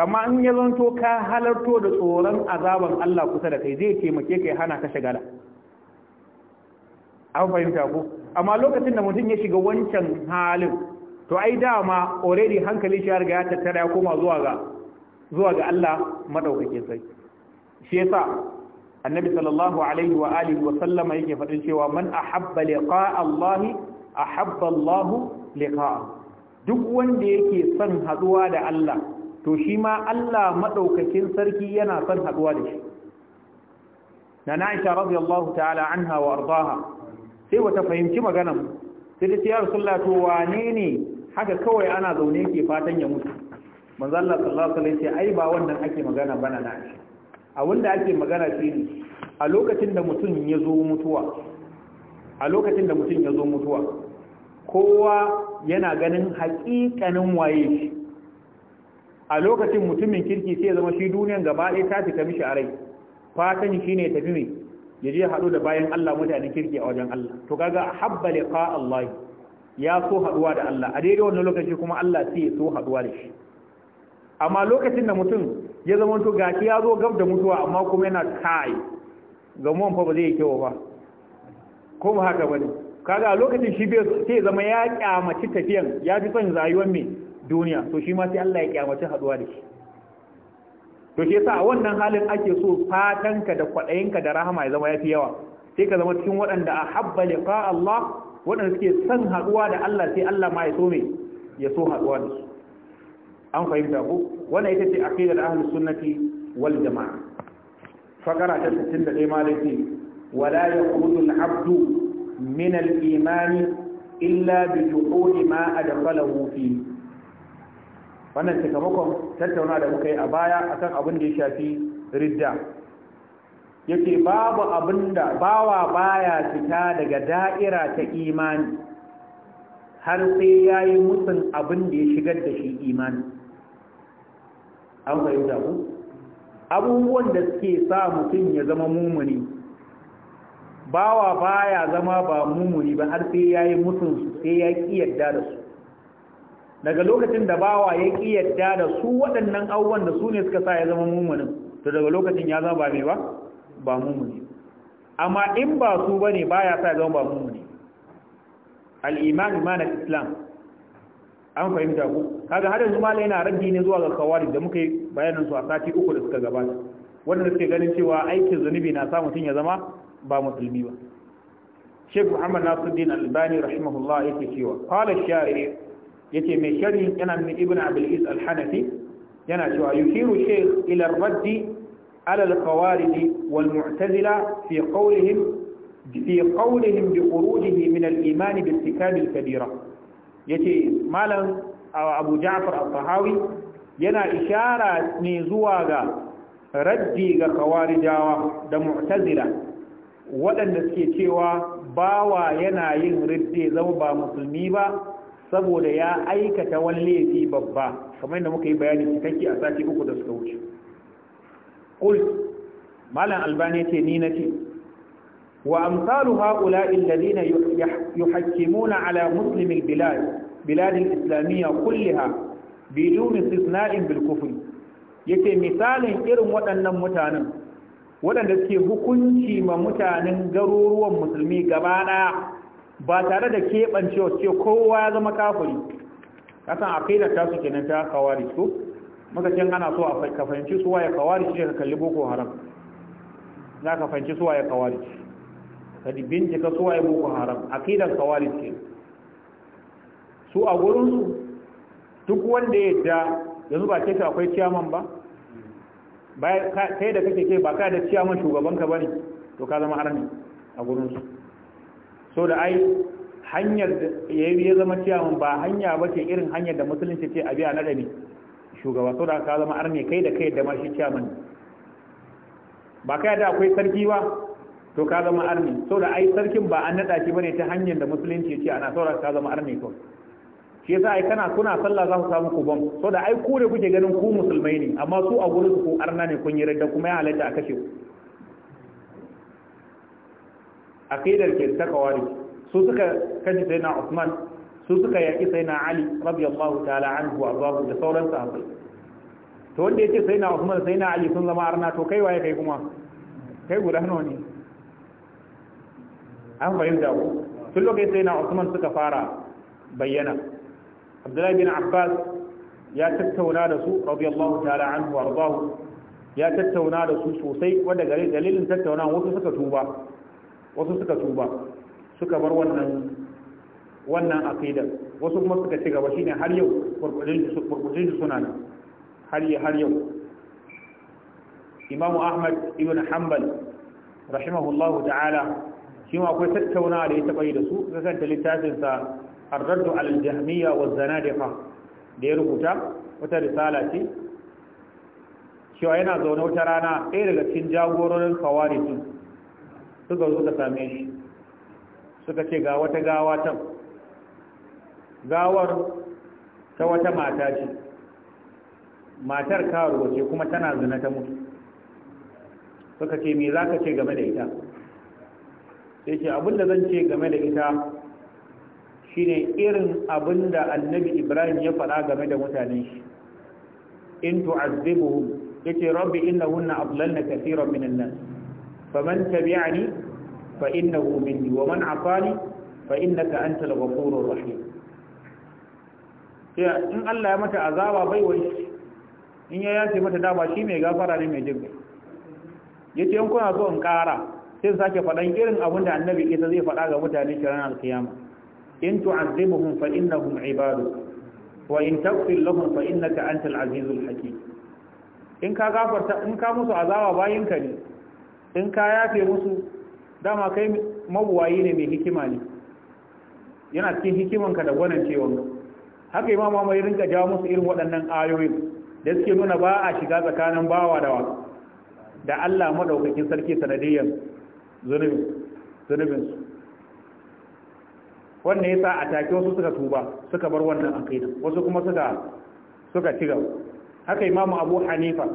amma in ya zanto ka halarto da tsoron azaban Allah kusa da kai zai taimake kai hana ka shagara an fahimta ko amma lokacin da mutum ya shiga wancan halin to ai dama already hankali shi har ga ya tattara ya koma zuwa ga zuwa ga Allah madaukake sai shi yasa annabi sallallahu alaihi wa alihi wa sallama yake faɗin cewa man ahabba liqa'a Allah ahabba Allah liqa'a duk wanda yake son haduwa da Allah to shi ma Allah madaukakin sarki yana son haduwa da shi nana Aisha radiyallahu ta'ala anha wa ardaha sai wata fahimci maganar sai ta ce ya rasulullah to wane ne haka kawai ana zaune ke fatan ya mutu manzo Allah sallallahu alaihi sai ai ba wannan ake magana bana na Aisha abinda ake magana shi a lokacin da mutum ya zo mutuwa a lokacin da mutum ya zo mutuwa kowa yana ganin haƙiƙanin waye shi a lokacin mutumin kirki sai ya zama shi duniyan gaba ɗaya ta fita mishi a rai fatan shi ne tafi mai ya je haɗu da bayan Allah mutane kirki a wajen Allah to kaga habba liqa Allah ya so haɗuwa da Allah a daidai wannan lokaci kuma Allah sai ya so haɗuwa da shi amma lokacin da mutum ya zama to gashi ya zo gab da mutuwa amma kuma yana kai ga mun fa ba zai kyau ba ko ba haka bane kaga a lokacin shi bai sai zama ya kyamaci tafiyan ya fi son rayuwar mai duniya to shi ma sai Allah ya kyamaci haduwa da shi to shi yasa a wannan halin ake so fatanka da kwadayinka da rahama ya zama yafi yawa sai ka zama cikin waɗanda a habba liqa Allah waɗanda suke son haduwa da Allah sai Allah ma ya so me ya so haduwa da su an fahimta ko wannan ita ce aqidar ahlus sunnati wal jama'a fakara ta 61 malaki wala yakhruju al-abdu min al-imani illa bi juhudi ma adkhalahu fi wannan sakamakon tattauna da muka yi a baya akan abin da ya shafi ridda yake babu abinda bawa baya fita daga da'ira ta imani har sai yayi mutun abin da ya shigar da shi imani an fahimta ku abubuwan da suke sa mutum ya zama mumuni bawa baya zama ba mumuni ba har sai yayi mutunsu sai ya ki yadda da su daga lokacin da bawa ya ki yadda da su waɗannan abubuwan da su ne suka sa ya zama mumunin to daga lokacin ya zama ba mai ba ba mumuni amma in ba su bane baya sa ya zama ba mumuni al-iman iman al-islam an fahimta ku kaga har yanzu malai yana rabbi ne zuwa ga kawari da muka yi bayanin su a sati uku da suka gabata wanda suke ganin cewa aikin zunubi na sa mutum ya zama ba musulmi ba Sheikh Muhammad Nasiruddin Albani rahimahullah yake cewa qala sha'iri yace mai sharhi yana min Ibn Abdul Is Al-Hanafi yana cewa yukiru Sheikh ila ar-radd ala al-khawarij wal mu'tazila fi qawlihim fi qawlihim bi khurujihi min al-iman bi irtikab kabira yace malam abu ja'far al-tahawi yana ishara ne zuwa ga raddi ga kawarijawa da mu'tazila waɗanda suke cewa bawa yana yin ridde zama ba musulmi ba saboda ya aikata wani laifi babba kamar yadda muka yi bayani cikakke a sati uku da suka wuce kul malam albani ce ni na وأمثال هؤلاء الذين يحكمون على مسلم البلاد بلاد الإسلامية كلها بدون استثناء بالكفر yake misalin irin waɗannan mutanen waɗanda suke hukunci ma mutanen garuruwan musulmi gaba ɗaya ba tare da keɓancewa ce kowa ya zama kafiri kasan aƙidar tasu kenan ta kawari su Maka can ana so a fahimci suwa ya kawari shi ka kalli boko haram za ka fahimci suwa ya kawari ka bincika su waye boko haram aqidan khawarij ke su a gurin su duk wanda ya da yanzu ba ce akwai ciyaman ba kai da kake kai ba ka da ciyaman shugaban ka bane to ka zama arni a gurin su so da ai hanyar da ya zama ciyaman ba hanya ba ce irin hanyar da musulunci ce a biya na da shugaba so da ka zama arni kai da kai da ma shi ciyaman ba kai da akwai sarki ba to ka zama arni saboda ai sarkin ba an nada shi bane ta hanyar da musulunci ce ana saurara ka zama arni to shi yasa ai kana kuna sallah za ku samu ku bam saboda ai ku ne kuke ganin ku musulmai ne amma su a gurin ku arna ne kun yi radda kuma ya halatta a kashe ku aqidar ke ta kawari su suka kaji sayyidina Usman su suka yaki sayyidina Ali radiyallahu ta'ala anhu wa ardahu da sauran sahabbai to wanda yace sayyidina Usman sayyidina Ali sun zama arna to kai waye kai kuma kai guda nawa ne an fahimta ku tun lokacin sai na Usman suka fara bayyana Abdullahi bin Abbas ya tattauna da su radiyallahu ta'ala anhu warḍahu ya tattauna da su sosai wanda gare dalilin tattauna wasu suka tuba wasu suka tuba suka bar wannan wannan aqidar wasu kuma suka ci gaba shine har yau burbudin suna nan har har yau Imam Ahmad ibn Hanbal rahimahullahu ta'ala shi ma akwai tattaunawa da ya taɓa yi da su kasanta littafinsa arraddu al-jahmiya wa zanadiqa da ya rubuta wata risala ce cewa yana zaune wata rana ɗaya daga cikin jagororin khawarijin suka zo ta same shi suka ce ga wata gawa ta. gawar ta wata mata ce matar karuwa ce kuma tana zina ta mutu suka ce me za ka ce game da ita sai ce abinda zan ce game da ita shine irin abinda annabi ibrahim ya faɗa game da mutane shi in ya yace rabbi innahunna adlalna katiran minan nas faman tabi'ani fa innahu ni, wa man afani fa an talaba ghafurur rahim sai in Allah ya mata azaba bai wai in ya yace mata dama shi mai gafara ne mai jirgin yace ce yankuna so in kara sai sake faɗan irin abin da annabi isa zai faɗa ga mutane shi ranar alkiyama in tu'azzibuhum fa innahum ibadu wa in taghfir lahum fa innaka antal azizul hakim in ka gafarta in ka musu azaba bayin ka ne in ka yafe musu dama kai mabuwayi ne mai hikima ne yana cikin hikimanka da gwanan cewa haka imama mai rinka jawo musu irin waɗannan ayoyin da suke nuna ba a shiga tsakanin bawa da wa. da Allah madaukakin sarki sanadiyyar zunubinsu wannan ya sa a take wasu suka tuba suka bar wannan akida wasu kuma suka ci gaba haka imamu abu hanifa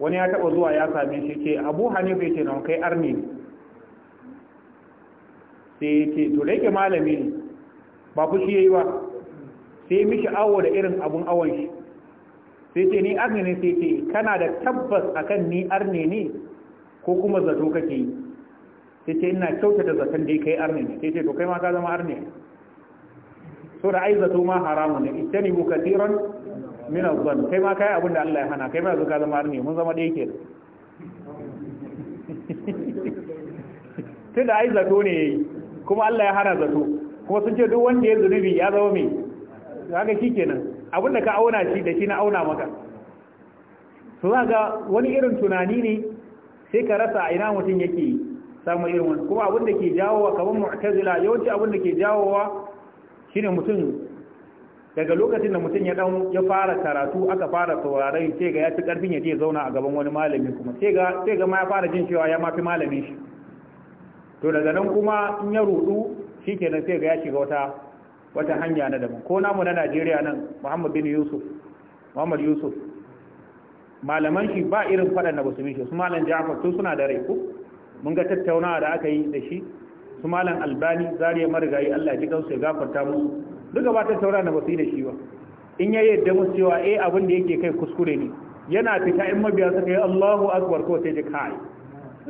wani ya taba zuwa ya same shi ce abu hanifa ya ce nan kai arni ne sai ya ce to da yake malami ne ba fushi ya yi ba sai mishi awo da irin abun awon shi sai ce ni arni ne sai ce kana da tabbas akan ni arni ne ko kuma zato kake yi sai ce ina kyautata zaton da ya kai arne ne sai ce to kai ma ka zama arne so da ai zato ma haramu ne itani bu katiran min azzan kai ma kai abin da Allah ya hana kai ma zaka zama arne mun zama dai ke. *laughs* tun da ai zato ne kuma Allah ya hana zato kuma sun ce duk wanda ya zunubi ya zama me haka shikenan abin da ka auna shi da shi na auna maka to za wani irin tunani ne sai ka rasa a ina mutum yake yi. samu irin wani kuma abinda da ke jawowa kamar mu'tazila yawanci abinda da ke jawowa shine mutum daga lokacin da mutum ya dan ya fara karatu aka fara sauraron sai ga ya ci karfin ya je zauna a gaban wani malami kuma sai ga sai ga ma ya fara jin cewa ya mafi malamin shi to daga nan kuma in ya rudu shikenan sai ga ya shiga wata wata hanya na daban ko namu na Najeriya nan Muhammad bin Yusuf Muhammad Yusuf malaman shi ba irin fadan da basu mishi su malam Ja'far to suna da rai ko mun ga tattaunawa da aka yi da shi su malam albani zariya marigayi Allah ji kansu ya gafarta musu duka ba tattaunawa da ba su yi da shi ba in ya yadda musu cewa eh abin da yake kai kuskure ne yana fita in mabiya suka yi Allahu akbar ko sai ji kai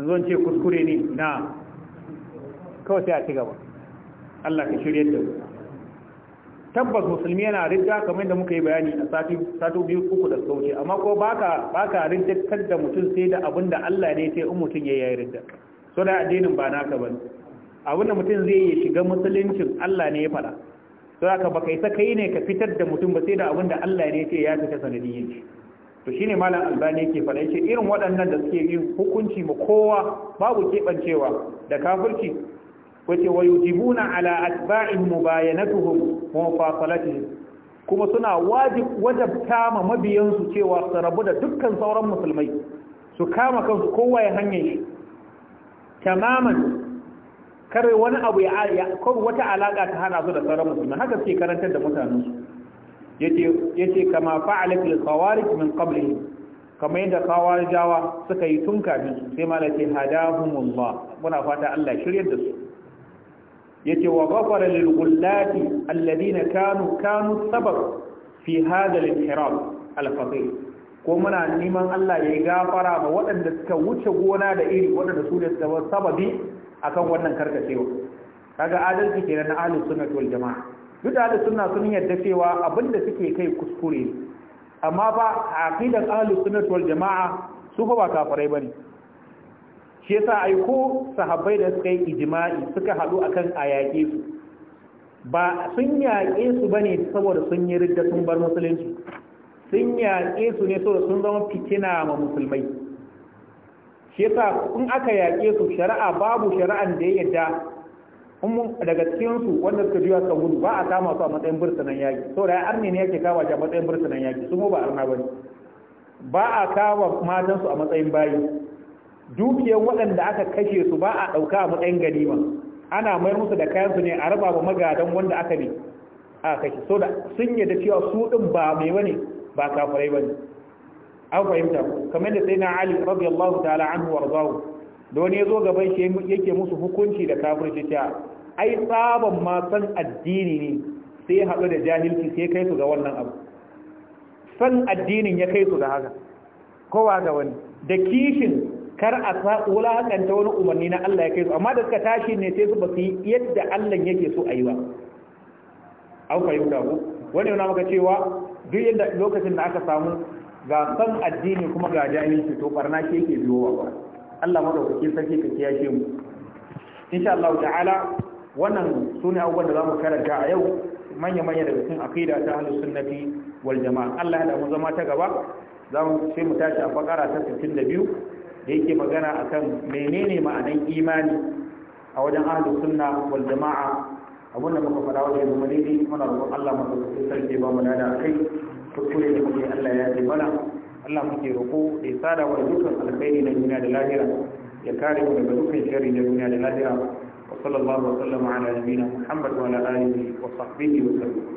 zo ce kuskure ne na kawai sai a ci gaba Allah ka shirya da mu tabbas musulmi yana ridda kamar da muka yi bayani a sati sati biyu uku da sauke amma ko baka baka ridda kar da mutum sai da abin da Allah ne sai in mutum yayi ridda so da addinin ba naka bane abin da mutum zai yi shiga musuluncin Allah ne ya fada so haka baka yi kai ne ka fitar da mutum ba sai da abin da Allah ne sai ya fita sanadiyin shi to shine malam albani yake fada yace irin waɗannan da suke yin hukunci ma kowa babu kebancewa da kafirci wace wa yujibuna ala atba'ihim mubayanatuhum mufasalatuhum kuma suna wajib wajabta ma mabiyansu cewa su rabu da dukkan sauran musulmai su kama kansu kowa ya hanyar shi tamaman kare wani abu ya ko wata alaka ta hana su da sauran musulmai haka suke karantar da mutanen su yace yace kama fa'ala fil qawarij min qablihi kamar yadda kawarijawa suka yi tun kafin sai malaka hadahumullah muna fata Allah shiryar da su yace wa ghafara lil gullati alladhina kanu kanu sabab fi hadha al inhiraf al ko muna neman Allah ya gafara ma waɗanda suka wuce gona da iri waɗanda su ne suka sababi akan wannan karkacewa kaga adalci kenan na ahlus sunnah wal jamaa duk ahlus sunna sun yarda cewa abinda suke kai kuskure amma fa aqidan ahlus sunnah wal jamaa su fa ba kafirai bane shi yasa ai ko sahabbai da suka yi ijima'i suka haɗu akan a yaƙe su ba sun yaƙe su ne saboda sun yi ridda sun bar musulunci sun yaƙe su ne saboda sun zama fitina ma musulmai shi sa in aka yaƙe su shari'a babu shari'an da ya yadda daga cikinsu wanda suka juya suka gudu ba a kama su a matsayin burtunan yaƙi saboda ya arne ne yake kawo a matsayin burtunan yaƙi sun ba arna ba ba a kama matansu a matsayin bayi dukiyar waɗanda aka kashe su ba a ɗauka a matsayin ganima ana mayar musu da kayansu ne a raba wa magadan wanda aka ne a kashe so da sun yadda cewa su ɗin ba mai bane ba kafirai ne. an fahimta kamar da sai na ali radiyallahu ta'ala huwar zawo da wani ya zo gaban shi yake musu hukunci da kafirci cewa ai tsaban ma san addini ne sai ya haɗu da jahilci sai kai su ga wannan abu san addinin ya kai su ga haka kowa ga wani da kishin kar a wulakanta wani umarni na Allah ya kai su amma da suka tashi ne sai su ba su yi yadda Allah yake so a yi ba an fahimta ku wani yana maka cewa duk yadda lokacin da aka samu ga san addini kuma ga jahilci to barna shi yake biyo ba Allah madaukakin sarki ka kiyashe mu insha Allah ta'ala wannan sune abubuwan da zamu karanta a yau manya-manya daga cikin aqida ta ahlus sunnati wal jama'a Allah ya da mu zama ta gaba zamu sai mu tashi a fakara ta 62 da yake magana a kan menene ma'anan imani a wajen ahlu sunna wal jama'a abunda muka fara wajen zama daidai muna roƙon Allah maka su sarki ba mu da kai kuskure da muke Allah ya ce mana Allah muke roƙo da ya sada wa dukkan alkhairi na duniya da lahira ya kare mu daga dukkan sharri na duniya da lahira wa sallallahu wa sallama ala nabiyina Muhammad wa ala alihi wa sahbihi wa sallam